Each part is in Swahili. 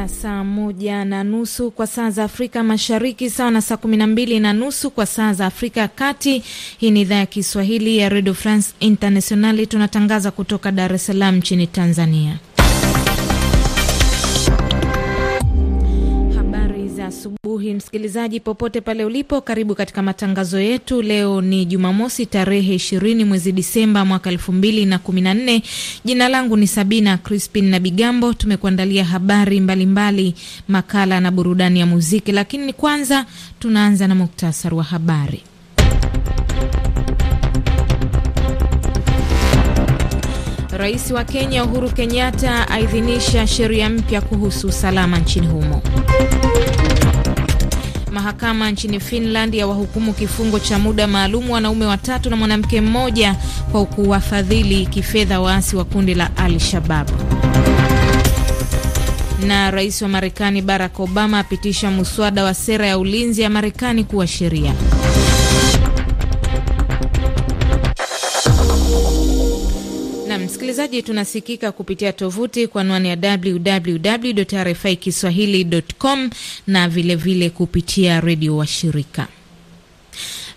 Imetimia saa moja na nusu kwa saa za Afrika Mashariki, sawa na saa kumi na mbili na nusu kwa saa za Afrika ya Kati. Hii ni idhaa ya Kiswahili ya Radio France Internationali, tunatangaza kutoka Dar es Salaam nchini Tanzania. asubuhi, msikilizaji popote pale ulipo, karibu katika matangazo yetu. Leo ni Jumamosi tarehe ishirini mwezi Disemba mwaka elfu mbili na kumi na nne. Jina langu ni Sabina Crispin na Bigambo. Tumekuandalia habari mbalimbali mbali, makala na burudani ya muziki, lakini kwanza tunaanza na muktasari wa habari. Rais wa Kenya Uhuru Kenyatta aidhinisha sheria mpya kuhusu usalama nchini humo. Mahakama nchini Finland ya wahukumu kifungo cha muda maalum wanaume watatu na mwanamke mmoja kwa kuwafadhili kifedha waasi wa kundi la Al-Shabab na rais wa Marekani Barack Obama apitisha muswada wa sera ya ulinzi ya Marekani kuwa sheria. Msikilizaji, tunasikika kupitia tovuti kwa anwani ya www RFI kiswahili.com na vilevile vile kupitia redio wa shirika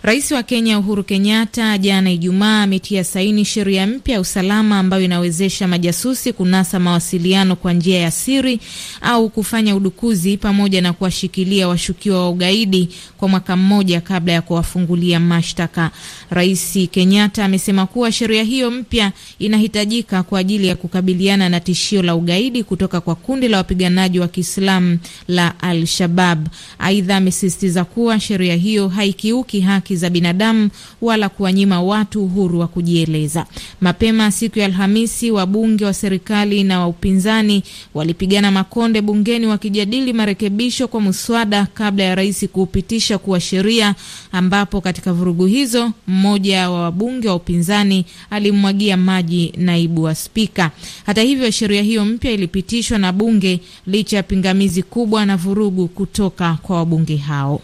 Rais wa Kenya Uhuru Kenyatta jana Ijumaa ametia saini sheria mpya ya usalama ambayo inawezesha majasusi kunasa mawasiliano kwa njia ya siri au kufanya udukuzi pamoja na kuwashikilia washukiwa wa ugaidi kwa mwaka mmoja kabla ya kuwafungulia mashtaka. Rais Kenyatta amesema kuwa sheria hiyo mpya inahitajika kwa ajili ya kukabiliana na tishio la ugaidi kutoka kwa kundi la wapiganaji wa Kiislamu la Al-Shabab. Aidha, amesisitiza kuwa sheria hiyo haikiuki haki haki za binadamu wala kuwanyima watu uhuru wa kujieleza. Mapema siku ya Alhamisi, wabunge wa serikali na wa upinzani walipigana makonde bungeni wakijadili marekebisho kwa muswada kabla ya rais kuupitisha kuwa sheria, ambapo katika vurugu hizo mmoja wa wabunge wa upinzani alimwagia maji naibu wa spika. Hata hivyo, sheria hiyo mpya ilipitishwa na bunge licha ya pingamizi kubwa na vurugu kutoka kwa wabunge hao.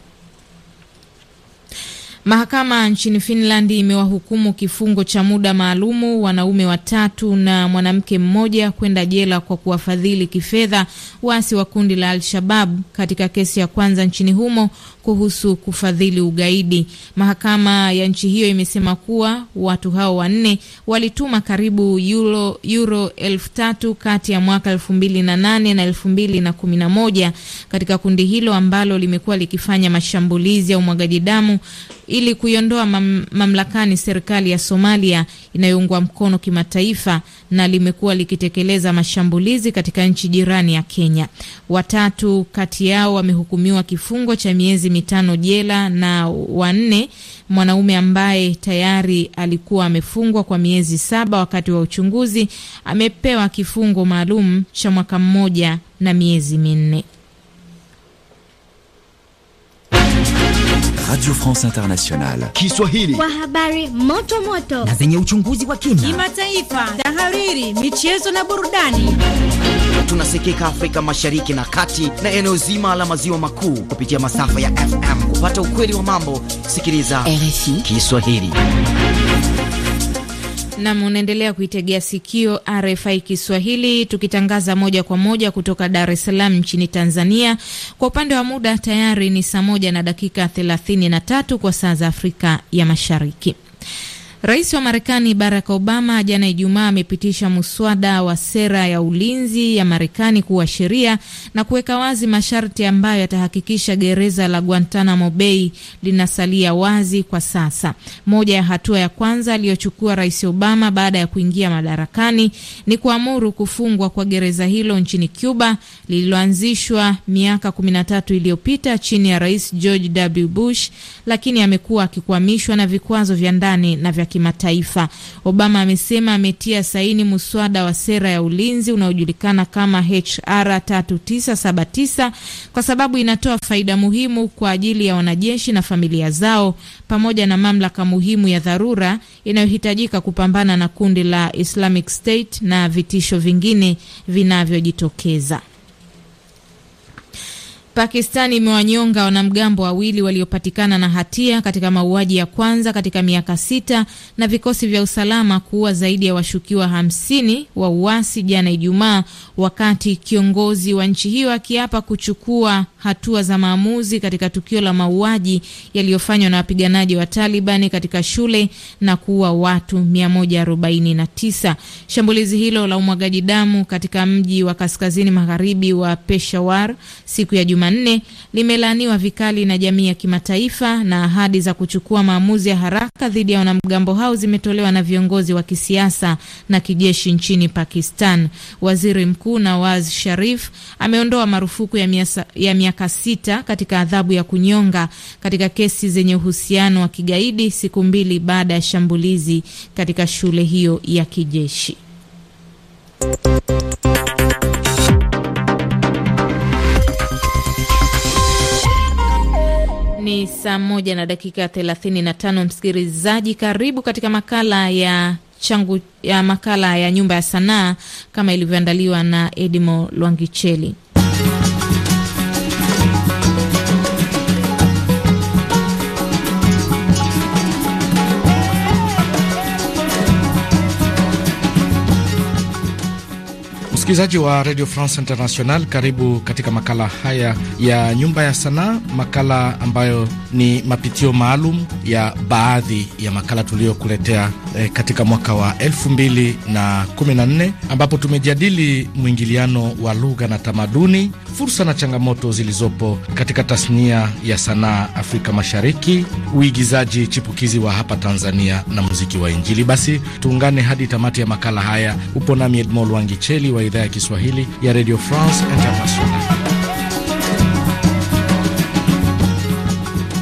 Mahakama nchini Finland imewahukumu kifungo cha muda maalumu wanaume watatu na mwanamke mmoja kwenda jela kwa kuwafadhili kifedha waasi wa kundi la Al-Shabab katika kesi ya kwanza nchini humo kuhusu kufadhili ugaidi. Mahakama ya nchi hiyo imesema kuwa watu hao wanne walituma karibu euro, euro elfu tatu kati ya mwaka elfu mbili na nane na elfu mbili na kumi na moja katika kundi hilo ambalo limekuwa likifanya mashambulizi ya umwagaji damu ili kuiondoa mam, mamlakani serikali ya Somalia inayoungwa mkono kimataifa na limekuwa likitekeleza mashambulizi katika nchi jirani ya Kenya. Watatu kati yao wamehukumiwa kifungo cha miezi miezi mitano jela na wanne mwanaume ambaye tayari alikuwa amefungwa kwa miezi saba wakati wa uchunguzi amepewa kifungo maalum cha mwaka mmoja na miezi minne. Radio France Internationale Kiswahili kwa habari moto moto na zenye uchunguzi wa kina, kimataifa, tahariri, michezo na burudani tunasikika Afrika Mashariki na Kati na eneo zima la maziwa makuu kupitia masafa ya FM. Kupata ukweli wa mambo, sikiliza RFI Kiswahili. Nam, unaendelea kuitegea sikio RFI Kiswahili, tukitangaza moja kwa moja kutoka Dar es Salaam nchini Tanzania. Kwa upande wa muda tayari ni saa moja na dakika 33 kwa saa za Afrika ya Mashariki. Rais wa Marekani Barack Obama jana Ijumaa amepitisha muswada wa sera ya ulinzi ya Marekani kuwa sheria na kuweka wazi masharti ambayo yatahakikisha gereza la Guantanamo Bay linasalia wazi kwa sasa. Moja ya hatua ya kwanza aliyochukua Rais Obama baada ya kuingia madarakani ni kuamuru kufungwa kwa gereza hilo nchini Cuba lililoanzishwa miaka 13 iliyopita chini ya Rais George W. Bush, lakini amekuwa akikwamishwa na vikwazo vya ndani na vya kimataifa. Obama amesema ametia saini muswada wa sera ya ulinzi unaojulikana kama HR 3979 kwa sababu inatoa faida muhimu kwa ajili ya wanajeshi na familia zao pamoja na mamlaka muhimu ya dharura inayohitajika kupambana na kundi la Islamic State na vitisho vingine vinavyojitokeza. Pakistan imewanyonga wanamgambo wawili waliopatikana na hatia katika mauaji ya kwanza katika miaka sita na vikosi vya usalama kuua zaidi ya washukiwa hamsini wa uasi jana Ijumaa, wakati kiongozi wa nchi hiyo akiapa kuchukua hatua za maamuzi katika tukio la mauaji yaliyofanywa na wapiganaji wa Talibani katika shule na kuua watu 149. Shambulizi hilo la umwagaji damu katika mji wa kaskazini magharibi wa Peshawar siku ya Jumaa Jumanne limelaaniwa vikali na jamii ya kimataifa na ahadi za kuchukua maamuzi ya haraka dhidi ya wanamgambo hao zimetolewa na viongozi wa kisiasa na kijeshi nchini Pakistan. Waziri Mkuu Nawaz Sharif ameondoa marufuku ya, miasa, ya miaka sita katika adhabu ya kunyonga katika kesi zenye uhusiano wa kigaidi siku mbili baada ya shambulizi katika shule hiyo ya kijeshi. Ni saa moja na dakika thelathini na tano. Msikilizaji, karibu katika makala ya changu ya makala ya nyumba ya sanaa kama ilivyoandaliwa na Edimo Lwangicheli. Msikilizaji wa Radio France International, karibu katika makala haya ya nyumba ya sanaa, makala ambayo ni mapitio maalum ya baadhi ya makala tuliyokuletea e, katika mwaka wa 2014 ambapo tumejadili mwingiliano wa lugha na tamaduni fursa na changamoto zilizopo katika tasnia ya sanaa Afrika Mashariki, uigizaji chipukizi wa hapa Tanzania na muziki wa Injili. Basi tuungane hadi tamati ya makala haya. Upo nami Edmond Wangicheli wa idhaa ya Kiswahili ya Radio France International.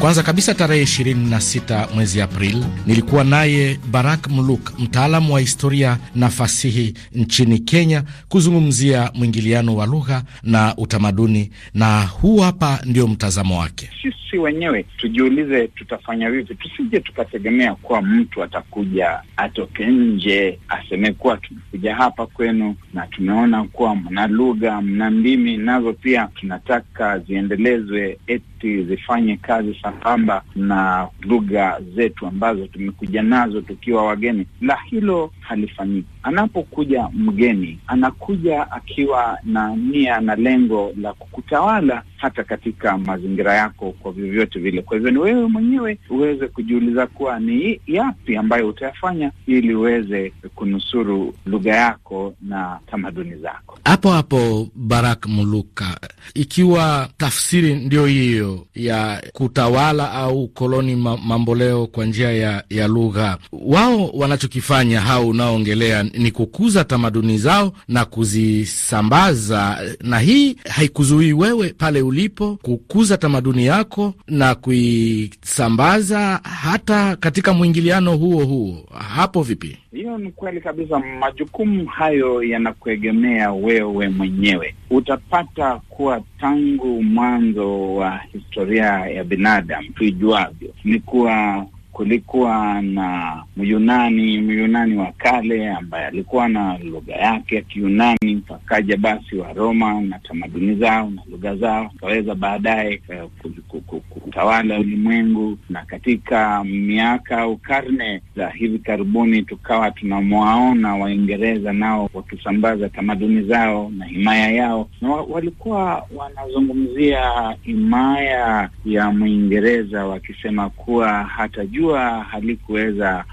Kwanza kabisa tarehe 26 mwezi Aprili nilikuwa naye Barak Mluk, mtaalamu wa historia na fasihi nchini Kenya, kuzungumzia mwingiliano wa lugha na utamaduni, na huu hapa ndio mtazamo wake. Sisi wenyewe tujiulize, tutafanya vipi? Tusije tukategemea kuwa mtu atakuja atoke nje aseme kuwa tumekuja hapa kwenu na tumeona kuwa mna lugha mna ndimi, nazo pia tunataka ziendelezwe, eti zifanye kazi sambamba na lugha zetu ambazo tumekuja nazo tukiwa wageni, la hilo halifanyiki. Anapokuja mgeni, anakuja akiwa na nia na lengo la kukutawala hata katika mazingira yako kwa vyovyote vile. Kwa hivyo ni wewe mwenyewe uweze kujiuliza kuwa ni yapi ambayo utayafanya ili uweze kunusuru lugha yako na tamaduni zako. Hapo hapo, Barak Muluka, ikiwa tafsiri ndio hiyo ya kutawala au koloni mamboleo kwa njia ya, ya lugha, wao wanachokifanya hao unaoongelea ni kukuza tamaduni zao na kuzisambaza, na hii haikuzuii wewe pale ulipo kukuza tamaduni yako na kuisambaza hata katika mwingiliano huo huo. Hapo vipi? Hiyo ni kweli kabisa. Majukumu hayo yanakuegemea wewe mwenyewe. Utapata kuwa tangu mwanzo wa historia ya binadamu tuijuavyo ni kuwa kulikuwa na Myunani, Myunani wa kale ambaye alikuwa na lugha yake ya Kiyunani. Wakaja basi wa Roma na tamaduni zao na lugha zao, wakaweza baadaye eh, kutawala ulimwengu. Na katika miaka au karne za hivi karibuni, tukawa tunamwaona Waingereza nao wakisambaza tamaduni zao na himaya yao, na walikuwa wanazungumzia himaya ya Mwingereza wakisema kuwa hatajua jua halikuweza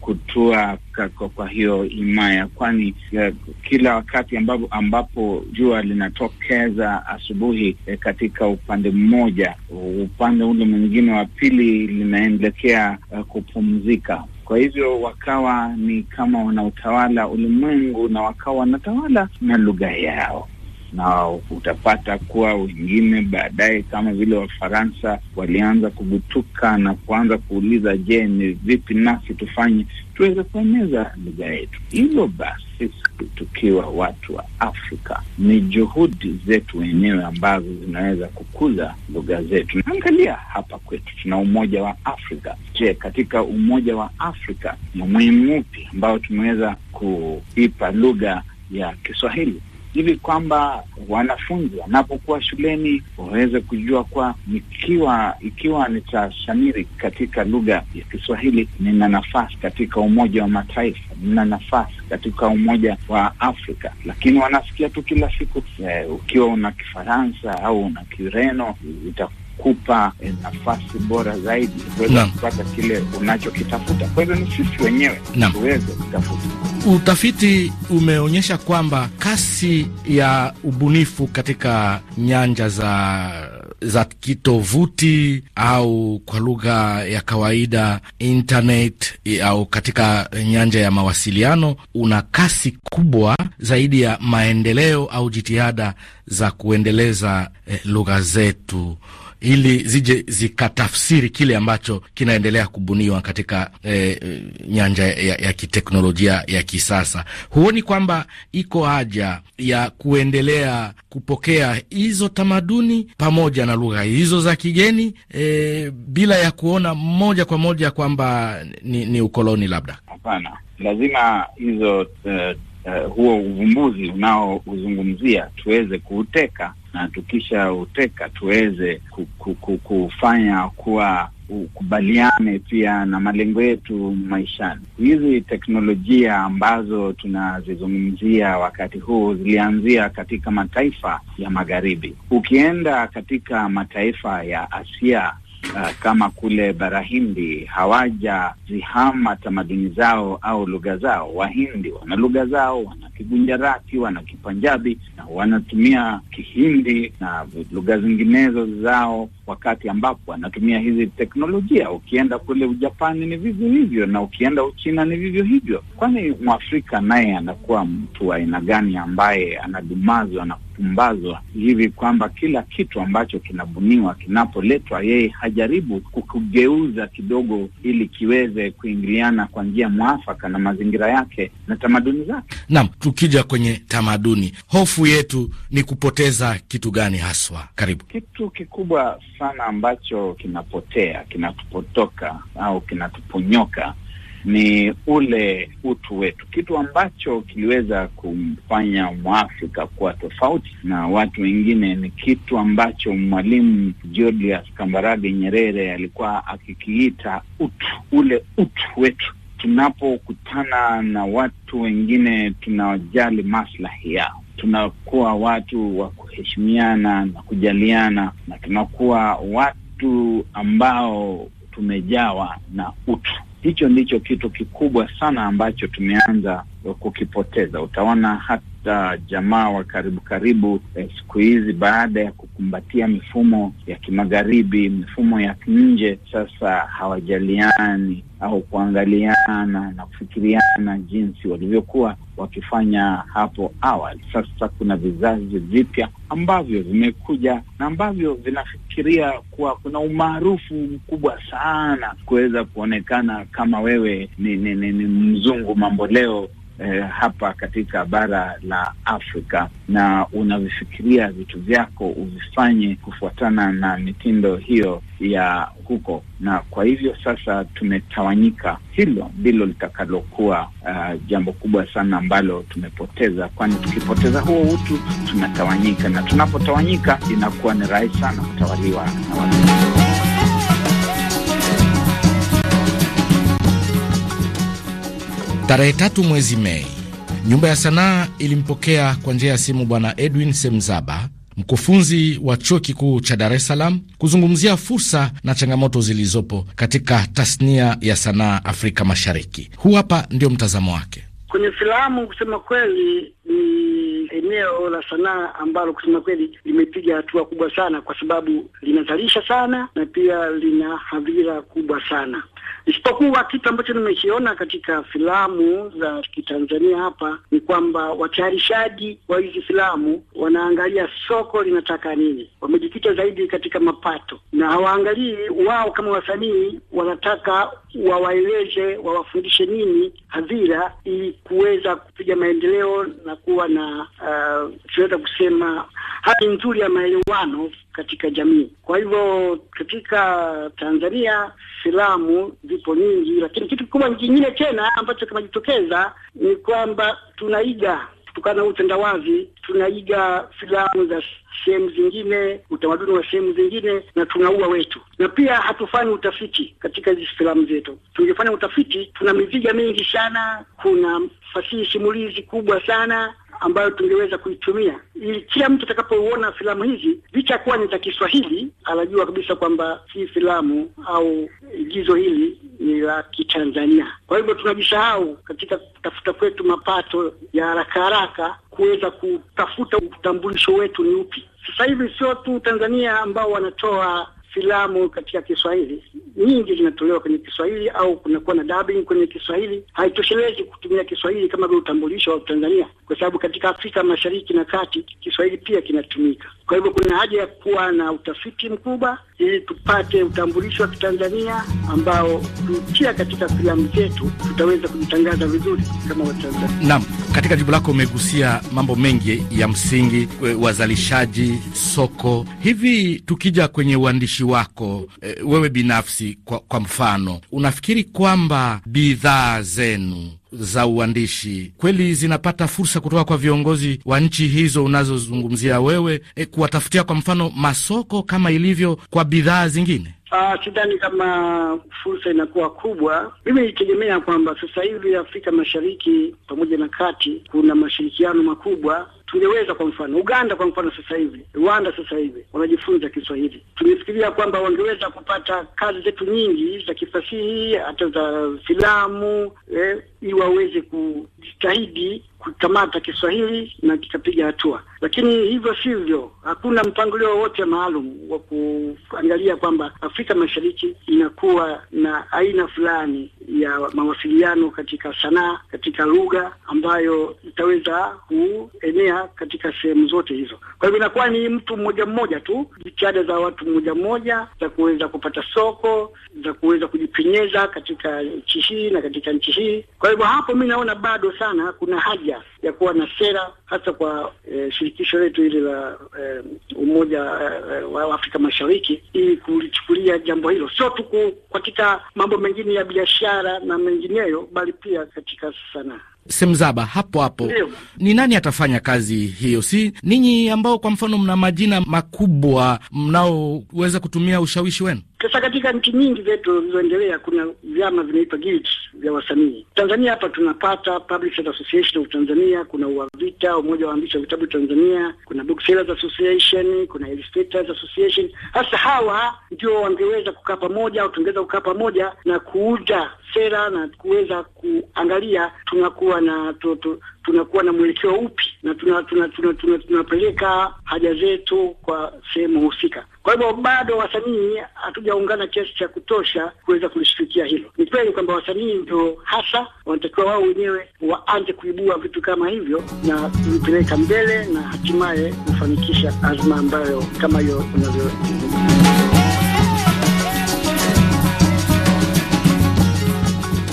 kutua kwa, kwa hiyo himaya, kwani eh, kila wakati ambapo, ambapo jua linatokeza asubuhi e, katika upande mmoja, upande ule mwingine wa pili linaelekea eh, kupumzika. Kwa hivyo wakawa ni kama wanautawala ulimwengu na wakawa wanatawala na lugha yao na utapata kuwa wengine baadaye kama vile Wafaransa walianza kugutuka na kuanza kuuliza, je, ni vipi nasi tufanye tuweze kueneza lugha yetu? Hivyo basi sisi tukiwa watu wa Afrika ni juhudi zetu wenyewe ambazo zinaweza kukuza lugha zetu. Angalia hapa kwetu tuna Umoja wa Afrika. Je, katika Umoja wa Afrika ni umuhimu upi ambao tumeweza kuipa lugha ya Kiswahili? ili kwamba wanafunzi wanapokuwa shuleni waweze kujua kwa nikiwa, ikiwa nitashamiri katika lugha ya Kiswahili, nina nafasi katika Umoja wa Mataifa, nina nafasi katika Umoja wa Afrika. Lakini wanasikia tu kila siku eh, ukiwa una Kifaransa au una Kireno kukupa eh, nafasi bora zaidi kuweza kupata kile unachokitafuta. Kwa hivyo ni sisi wenyewe tuweze kutafuta. Utafiti umeonyesha kwamba kasi ya ubunifu katika nyanja za za kitovuti au kwa lugha ya kawaida internet au katika nyanja ya mawasiliano una kasi kubwa zaidi ya maendeleo au jitihada za kuendeleza eh, lugha zetu ili zije zikatafsiri kile ambacho kinaendelea kubuniwa katika eh, nyanja ya, ya kiteknolojia ya kisasa. Huoni kwamba iko haja ya kuendelea kupokea hizo tamaduni pamoja na lugha hizo za kigeni eh, bila ya kuona moja kwa moja kwamba ni, ni ukoloni labda? Hapana, lazima hizo uh, uh, huo uvumbuzi unaouzungumzia tuweze kuuteka na tukishauteka tuweze kufanya kuwa ukubaliane pia na malengo yetu maishani. Hizi teknolojia ambazo tunazizungumzia wakati huu zilianzia katika mataifa ya magharibi. Ukienda katika mataifa ya Asia uh, kama kule Barahindi hawajazihama tamaduni zao au lugha zao. Wahindi wana lugha zao, wana Kigunjarati, wana Kipanjabi na wanatumia Kihindi na lugha zinginezo zao wakati ambapo anatumia hizi teknolojia. Ukienda kule Ujapani ni vivyo hivyo, na ukienda Uchina ni vivyo hivyo. Kwani mwafrika naye anakuwa mtu wa aina gani ambaye anadumazwa na kupumbazwa hivi kwamba kila kitu ambacho kinabuniwa kinapoletwa, yeye hajaribu kukugeuza kidogo, ili kiweze kuingiliana kwa njia mwafaka na mazingira yake na tamaduni zake. Naam, tukija kwenye tamaduni, hofu yetu ni kupoteza kitu gani haswa? Karibu kitu kikubwa sana ambacho kinapotea, kinatupotoka au kinatuponyoka ni ule utu wetu, kitu ambacho kiliweza kumfanya Mwafrika kuwa tofauti na watu wengine. Ni kitu ambacho Mwalimu Julius Kambarage Nyerere alikuwa akikiita utu, ule utu wetu. Tunapokutana na watu wengine, tunawajali maslahi yao tunakuwa watu wa kuheshimiana na kujaliana, na tunakuwa watu ambao tumejawa na utu. Hicho ndicho kitu kikubwa sana ambacho tumeanza kukipoteza. Utaona hata uh, jamaa wa karibu karibu eh, siku hizi baada ya kukumbatia mifumo ya kimagharibi, mifumo ya nje, sasa hawajaliani au kuangaliana na kufikiriana jinsi walivyokuwa wakifanya hapo awali. Sasa kuna vizazi vipya ambavyo vimekuja na ambavyo vinafikiria kuwa kuna umaarufu mkubwa sana kuweza kuonekana kama wewe ni, ni, ni, ni mzungu mambo leo eh, hapa katika bara la Afrika, na unavifikiria vitu vyako uvifanye kufuatana na mitindo hiyo ya huko. Na kwa hivyo sasa tumetawanyika, hilo ndilo litakalokuwa uh, jambo kubwa sana ambalo tumepoteza, kwani tukipoteza huo utu tunatawanyika, na tunapotawanyika inakuwa ni rahisi sana kutawaliwa na watu. Tarehe tatu mwezi Mei, nyumba ya sanaa ilimpokea kwa njia ya simu Bwana Edwin Semzaba, mkufunzi wa chuo kikuu cha Dar es Salaam, kuzungumzia fursa na changamoto zilizopo katika tasnia ya sanaa Afrika Mashariki. Huu hapa ndio mtazamo wake. Kwenye filamu, kusema kweli, ni eneo la sanaa ambalo kusema kweli limepiga hatua kubwa sana, kwa sababu linazalisha sana na pia lina hadhira kubwa sana isipokuwa kitu ambacho nimekiona katika filamu za kitanzania hapa ni kwamba watayarishaji wa hizi filamu wanaangalia soko linataka nini. Wamejikita zaidi katika mapato na hawaangalii wao kama wasanii wanataka wawaeleze, wawafundishe nini hadhira, ili kuweza kupiga maendeleo na kuwa na uh, tunaweza kusema hali nzuri ya maelewano katika jamii. Kwa hivyo katika Tanzania silamu zipo nyingi, lakini kitu kikubwa kingine tena ambacho kinajitokeza ni kwamba tunaiga kutokana na utandawazi, tunaiga filamu za sehemu zingine, utamaduni wa sehemu zingine, na tunaua wetu, na pia hatufanyi utafiti katika hizi filamu zetu. Tungefanya utafiti, tuna miziga mingi sana, kuna fasihi simulizi kubwa sana ambayo tungeweza kuitumia ili kila mtu atakapouona filamu hizi, licha kuwa ni za Kiswahili, anajua kabisa kwamba hii filamu au igizo hili ni la Kitanzania. Kwa hivyo tunajisahau katika kutafuta kwetu mapato ya haraka haraka kuweza kutafuta utambulisho wetu ni upi. Sasa hivi sio tu Tanzania ambao wanatoa filamu katika Kiswahili nyingi zinatolewa kwenye Kiswahili au kunakuwa na dubbing kwenye Kiswahili. Haitoshelezi kutumia Kiswahili kama vile utambulisho wa Tanzania, kwa sababu katika Afrika Mashariki na Kati Kiswahili pia kinatumika. Kwa hivyo kuna haja ya kuwa na utafiti mkubwa ili tupate utambulisho wa Kitanzania ambao tukia katika filamu zetu tutaweza kujitangaza vizuri kama Watanzania. Naam, katika jibu lako umegusia mambo mengi ya msingi, eh, wazalishaji, soko. Hivi tukija kwenye uandishi wako eh, wewe binafsi kwa, kwa mfano unafikiri kwamba bidhaa zenu za uandishi kweli zinapata fursa kutoka kwa viongozi wa nchi hizo unazozungumzia wewe, e, kuwatafutia kwa mfano masoko kama ilivyo kwa bidhaa zingine? Uh, sidhani kama fursa inakuwa kubwa. Mimi nitegemea kwamba sasa hivi Afrika Mashariki pamoja na Kati kuna mashirikiano makubwa tungeweza kwa mfano Uganda kwa mfano sasa hivi, Rwanda sasa hivi wanajifunza Kiswahili. tumefikiria kwamba wangeweza kupata kazi zetu nyingi za kifasihi, hata za filamu eh, ili waweze kujitahidi kukamata Kiswahili na kikapiga hatua, lakini hivyo sivyo, hakuna mpangilio wowote maalum wa kuangalia kwamba Afrika Mashariki inakuwa na aina fulani ya mawasiliano katika sanaa, katika lugha ambayo itaweza kuenea katika sehemu zote hizo. Kwa hivyo inakuwa ni mtu mmoja mmoja tu, jitihada za watu mmoja mmoja za kuweza kupata soko, za kuweza kujipenyeza katika nchi hii na katika nchi hii kwa kwa hivyo hapo mi naona bado sana kuna haja ya kuwa na sera hasa kwa e, shirikisho letu hili la e, umoja e, wa Afrika Mashariki ili kulichukulia jambo hilo, sio tu katika mambo mengine ya biashara na mengineyo, bali pia katika sanaa. Semzaba hapo hapo Ndiyo. Ni nani atafanya kazi hiyo? Si ninyi ambao kwa mfano mna majina makubwa mnaoweza kutumia ushawishi wenu? Sasa katika nchi nyingi zetu zilizoendelea kuna vyama vinaitwa guilds vya wasanii. Tanzania hapa tunapata Publishers Association of Tanzania, kuna UAVITA, umoja wa waandishi wa vitabu Tanzania, kuna Booksellers Association, kuna Illustrators Association. hawa ndio wangeweza kukaa pamoja au tungeweza kukaa pamoja na kuuza sera na kuweza kuangalia tunakuwa na tu, tu, tunakuwa na mwelekeo upi na tunapeleka tuna, tuna, tuna, tuna, haja zetu kwa sehemu husika. Kwa hivyo bado wasanii hatujaungana kiasi cha kutosha kuweza kulishirikia hilo. Ni kweli kwamba wasanii ndio hasa wanatakiwa wao wenyewe waanze kuibua vitu kama hivyo na kuvipeleka mbele na hatimaye kufanikisha azma ambayo kama hiyo unavyo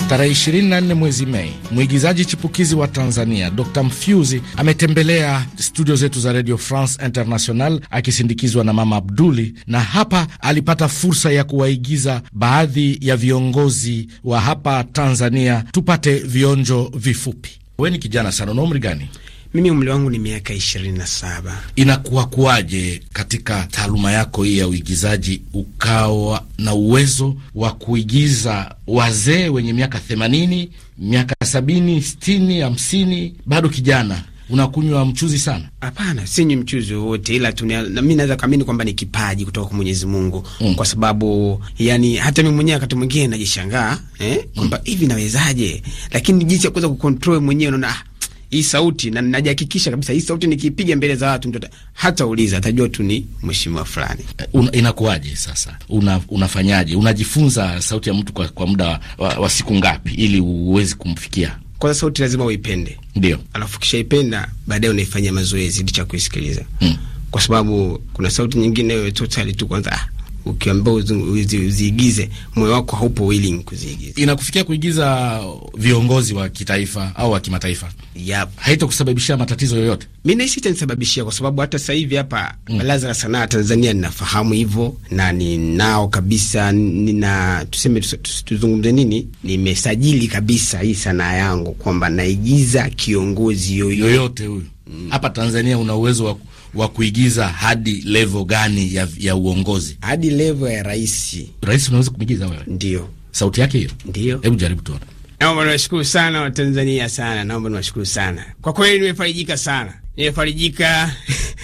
Tarehe 24 mwezi Mei, mwigizaji chipukizi wa Tanzania Dr Mfyuzi ametembelea studio zetu za Radio France International akisindikizwa na Mama Abduli, na hapa alipata fursa ya kuwaigiza baadhi ya viongozi wa hapa Tanzania. Tupate vionjo vifupi. We ni kijana sana, una umri gani? Mimi umri wangu ni miaka ishirini na saba. Inakuwa kuwaje katika taaluma yako hii ya uigizaji ukawa na uwezo wa kuigiza wazee wenye miaka themanini, miaka sabini, sitini, hamsini, bado kijana? Unakunywa mchuzi sana? Hapana, sinywi mchuzi wowote, ila mi naweza kuamini kwamba ni kipaji kutoka kwa Mwenyezi Mungu mm. kwa sababu yani hata mi mwenyewe wakati mwingine najishangaa eh, kwamba mm. hivi nawezaje, lakini jinsi ya kuweza kukontrol mwenyewe unaona ah, hii sauti na ninajihakikisha kabisa hii sauti nikiipiga mbele za watu, mtu hata uliza atajua tu ni mheshimiwa fulani. Uh, una, inakuwaje sasa? Una, unafanyaje? Unajifunza sauti ya mtu kwa, kwa muda wa, wa siku ngapi ili uweze kumfikia? Kwanza sauti lazima uipende, ndio. Alafu kishaipenda baadaye unaifanyia mazoezi licha kuisikiliza, hmm. kwa sababu kuna sauti nyingine wewe totally tu kwanza ah ukiambiwa uziigize moyo wako haupo willing kuziigiza. Inakufikia kuigiza viongozi wa kitaifa au wa kimataifa, yep. haitokusababishia matatizo yoyote? Mi naishi itanisababishia, kwa sababu hata sasa hivi hapa mm. Baraza la Sanaa Tanzania ninafahamu hivyo na ninao kabisa, nina tuseme, tuzungumze nini, nimesajili kabisa hii sanaa yangu kwamba naigiza kiongozi yoyote, yoyote huyu mm. hapa Tanzania una uwezo wa wa kuigiza hadi level gani ya, ya uongozi? Hadi level ya rais. Rais unaweza kumigiza wewe? Ndio. Sauti yake hiyo? Ndio. Hebu jaribu tuone. Naomba niwashukuru sana Watanzania sana, naomba niwashukuru sana kwa kweli, nimefarijika sana, nimefarijika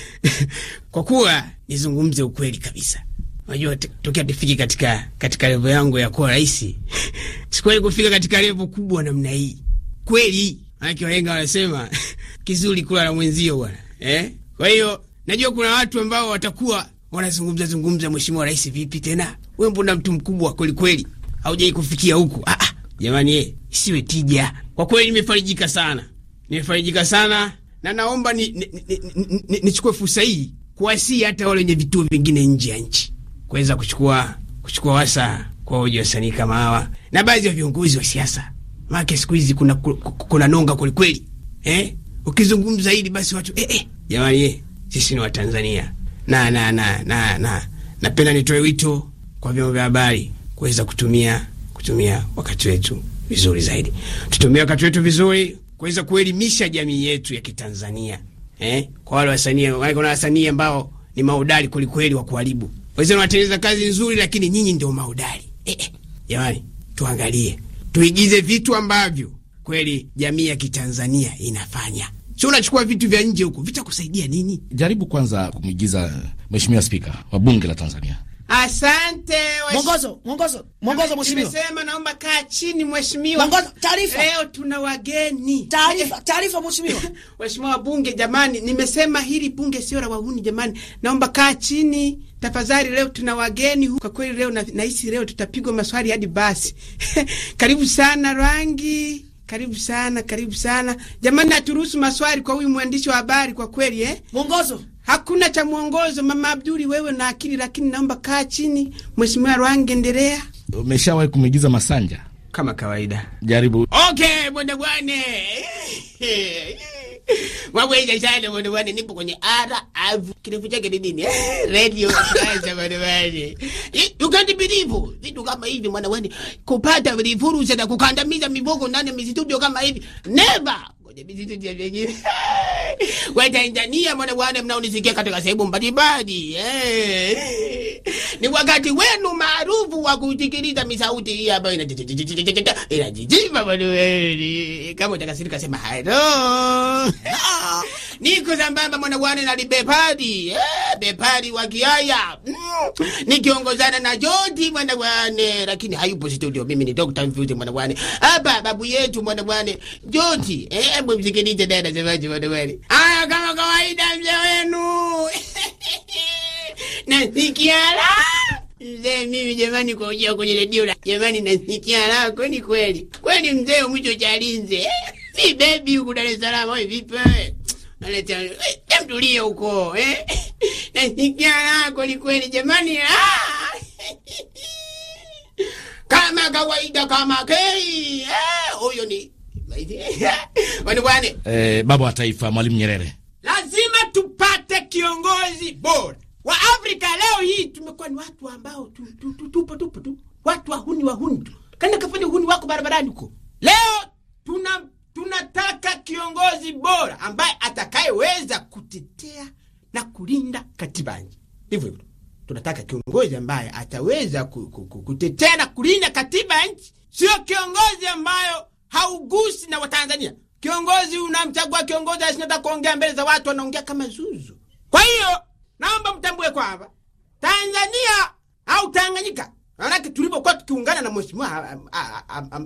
kwa kuwa nizungumze ukweli kabisa. Unajua, tokea tufiki katika katika levo yangu ya kuwa rais sikuwahi kufika katika levo kubwa namna hii kweli. Manake wahenga wanasema kizuri kula na mwenzio bwana eh? Kwa hiyo najua kuna watu ambao watakuwa wanazungumza zungumza, mheshimiwa rais, vipi tena wewe, mbona mtu mkubwa kweli kweli, haujai kufikia huku? Ah, ah, jamani, ye, eh, isiwe tija. Kwa kweli nimefarijika sana, nimefarijika sana, na naomba nichukue ni, ni, ni, ni, ni fursa hii kuwasii hata wale wenye vituo vingine nje ya nchi kuweza kuchukua kuchukua wasa kwa hoja wasanii kama hawa na baadhi ya viongozi wa siasa, maana siku hizi kuna, kuna nonga kweli kweli, eh ukizungumza hili basi watu eh, eh Jamani, sisi ni Watanzania na na na na na napenda nitoe wito kwa vyombo vya habari kuweza kutumia kutumia wakati wetu vizuri zaidi. Tutumie wakati wetu vizuri kuweza kuelimisha jamii yetu ya Kitanzania eh, kwa wale wasanii, kuna wasanii ambao ni maudari kwelikweli wa kuharibu wazee, wanatengeneza kazi nzuri, lakini nyinyi ndio maudari eh, eh. Jamani, tuangalie tuigize vitu ambavyo kweli jamii ya Kitanzania inafanya. Sio unachukua vitu vya nje huko, vitakusaidia nini? Jaribu kwanza kumwigiza eh, Mheshimiwa Spika wa Bunge la Tanzania. Asante. Mwongozo, mwongozo, mwongozo mheshimiwa. Nimesema naomba kaa chini mheshimiwa. Mwongozo, taarifa. Leo tuna wageni. Taarifa, eh. taarifa mheshimiwa. Mheshimiwa wa bunge jamani, nimesema hili bunge sio la wahuni jamani. Naomba kaa chini. Tafadhali leo tuna wageni huko. Kwa kweli leo nahisi na leo tutapigwa maswali hadi basi. Karibu sana Rangi. Karibu sana, karibu sana jamani, aturuhusu maswali kwa huyu mwandishi wa habari kwa kweli eh? Mwongozo hakuna cha mwongozo. Mama Abduli, wewe na akili, lakini naomba kaa chini. Mheshimiwa Rwange, endelea. Umeshawahi kumigiza masanja kama kawaida? Jaribu. Okay bwana mwakweichashale vanhu vane nipo kwenye rav kirefu chake ni nini eh, radio sasa vanhu vane you can't believe vitu kama hivi mwana wani kupata vilifurusa na kukandamiza miboko ndani ya mizitudio kama hivi never kwenye vijiji vyenyewe. Watanzania mwanabwana, mnaonisikia katika sehemu mbalimbali, ni wakati wenu maarufu wa kusikiliza misauti hii ambayo inajijiva mwanaweli. Kama utakasirika sema halo, niko sambamba mwanabwana na libepadi Bepari wa Kiaya mm. nikiongozana na Jodi mwana wane, lakini hayupo studio. Mimi ni Dr. Mfuse mwana wane, hapa babu yetu mwana bwane Jodi. Eh, hebu msikilize dada semaji mwana wane. Haya, kama kawaida, mzee wenu nasikia la Mzee, mimi jamani, kwa ujia kwenye redio la jamani, nasikia la kweni kweli kweni, mzee mwicho chalinze mi bebi huku Dar es Salaam. Oi, vipi wewe? analetea eh, mtulie huko eh? nasikia raha kwelikweli jamani, ah. kama kawaida kama kei eh, huyo eh, ni eh, baba wa taifa Mwalimu Nyerere. Lazima tupate kiongozi bora wa Afrika. Leo hii tumekuwa ni watu ambao tu, tu, tu, tupo tupo tu watu wahuni wahuni tu, kana kafanya uhuni wako barabarani huko. Leo tuna tunataka kiongozi bora ambaye atakayeweza kutetea na kulinda katiba nchi. Hivyo hivyo tunataka kiongozi ambaye ataweza kutetea na kulinda katiba nchi, sio kiongozi ambayo haugusi na Watanzania. Kiongozi unamchagua kiongozi asinata kuongea mbele za watu, anaongea kama zuzu. Kwa hiyo naomba mtambue kwamba Tanzania au Tanganyika Maanake tulipokuwa tukiungana na mheshimiwa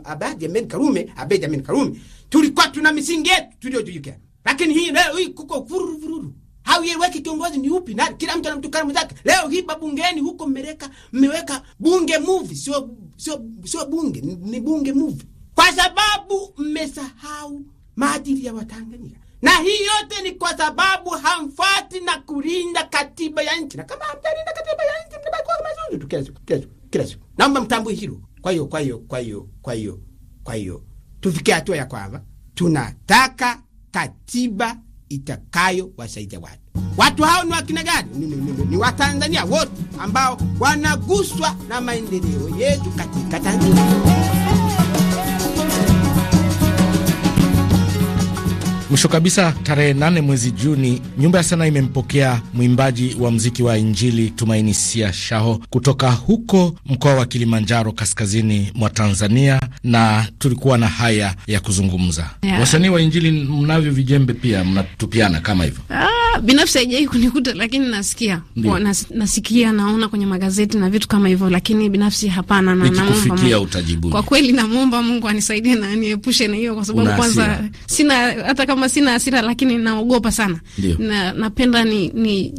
Abeid Karume, Abeid Karume, tulikuwa tuna misingi yetu tuliyojulikana, lakini hii leo hii kuko vururu vururu haueleweki kiongozi ni upi, na kila mtu anamtukana mwenzake. Leo hii babungeni huko mmereka mmeweka bunge muvi, sio sio sio bunge, ni bunge muvi. kwa sababu mmesahau maadili ya Watanganyika, na hii yote ni kwa sababu hamfuati na kulinda katiba ya nchi, na kama hamtalinda katiba ya nchi mtabaki kama zungu tu kesho kesho kila siku, naomba mtambue hilo. Kwa hiyo kwa hiyo kwa hiyo kwa hiyo kwa hiyo tufikie hatua ya kwamba tunataka katiba itakayo wasaidia watu. Watu hao ni wakina gani? Ni, ni, ni, ni Watanzania wote ambao wanaguswa na maendeleo yetu katika Tanzania. Mwisho kabisa, tarehe nane mwezi Juni, nyumba ya sanaa imempokea mwimbaji wa mziki wa Injili Tumaini Sia Shaho kutoka huko mkoa wa Kilimanjaro, kaskazini mwa Tanzania, na tulikuwa na haya ya kuzungumza yeah. Wasanii wa Injili mnavyo vijembe pia, mnatupiana kama hivyo? Ah, binafsi haijai kunikuta, lakini nasikia kwa, nas, nasikia naona kwenye magazeti na vitu kama hivyo, lakini binafsi hapana, na naomba utajibu kwa kweli, namwomba Mungu anisaidie na aniepushe na hiyo, kwa sababu kwanza sina hata kama kwamba sina hasira, lakini naogopa sana na, napenda ni, ni,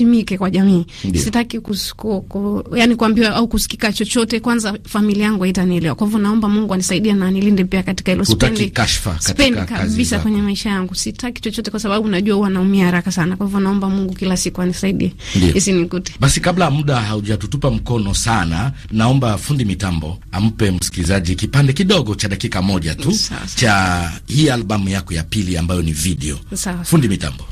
ni kwa jamii. Sitaki kusuko, ku, yani kuambiwa au kusikika chochote. Kwanza familia yangu haitanielewa, kwa hivyo naomba Mungu anisaidia na anilinde pia katika hilo. Sipendi kashfa katika kabisa kwenye maisha yangu, sitaki chochote kwa sababu najua huwa naumia haraka sana. Kwa hivyo naomba Mungu kila siku anisaidie isinikute. Basi kabla muda haujatutupa mkono sana, naomba fundi mitambo ampe msikilizaji kipande kidogo cha dakika moja tu Sasa cha hii albamu yako ya pili ambayo ni video. Fundi mitambo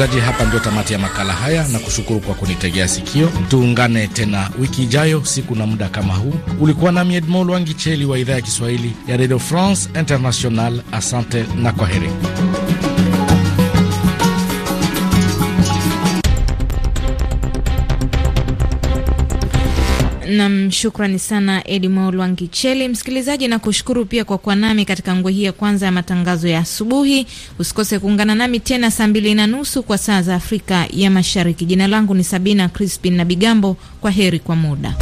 msikilizaji, hapa ndio tamati ya makala haya na kushukuru kwa kunitegea sikio. Tuungane tena wiki ijayo, siku na muda kama huu. Ulikuwa nami Edmond Wangicheli wa idhaa ya Kiswahili ya Radio France International. Asante na kwa heri Nam, shukrani sana Edmo Lwangicheli. Msikilizaji, na kushukuru pia kwa kuwa nami katika nguo hii ya kwanza ya matangazo ya asubuhi. Usikose kuungana nami tena saa mbili na nusu kwa saa za Afrika ya Mashariki. Jina langu ni Sabina Crispin na Bigambo. Kwa heri kwa muda.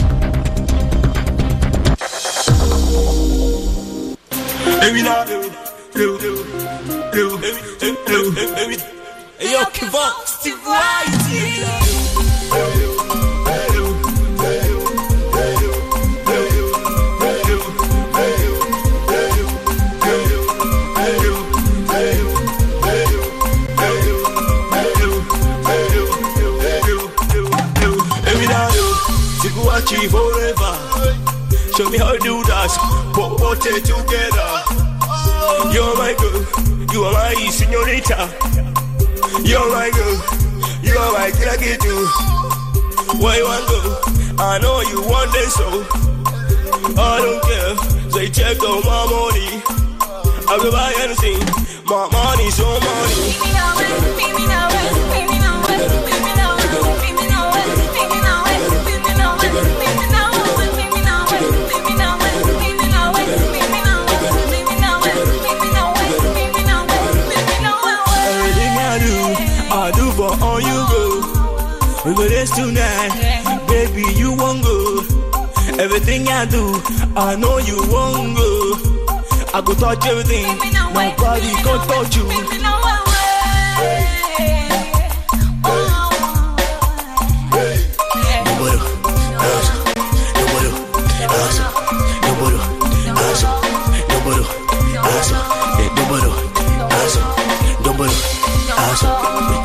Gucci forever. Show me how to do that. Put it together. You're my girl. You are my senorita. You're my girl. You are my lucky too. wanna go? I know you want this so. I don't care. They check on my money. I will buy anything. My money's your money. Give me now, give me now. dance tonight. Baby, you won't go. Everything I do, I know you won't go. I go touch everything. Nobody can touch you. Don't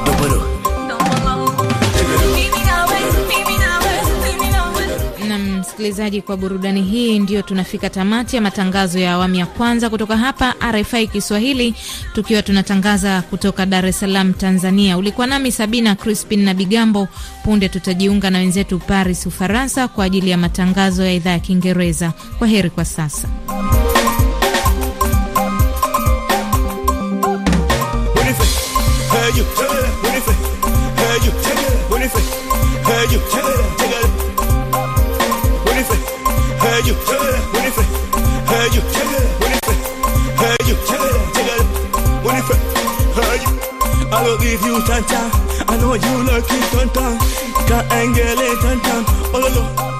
msikilizaji, kwa burudani hii ndiyo tunafika tamati ya matangazo ya awamu ya kwanza kutoka hapa RFI Kiswahili, tukiwa tunatangaza kutoka Dar es Salaam, Tanzania. Ulikuwa nami Sabina Crispin na Bigambo. Punde tutajiunga na wenzetu Paris, Ufaransa, kwa ajili ya matangazo ya idhaa ya Kiingereza. Kwa heri kwa sasa. you tanta. I know you like it tanta. Ka engele tanta. Oh no.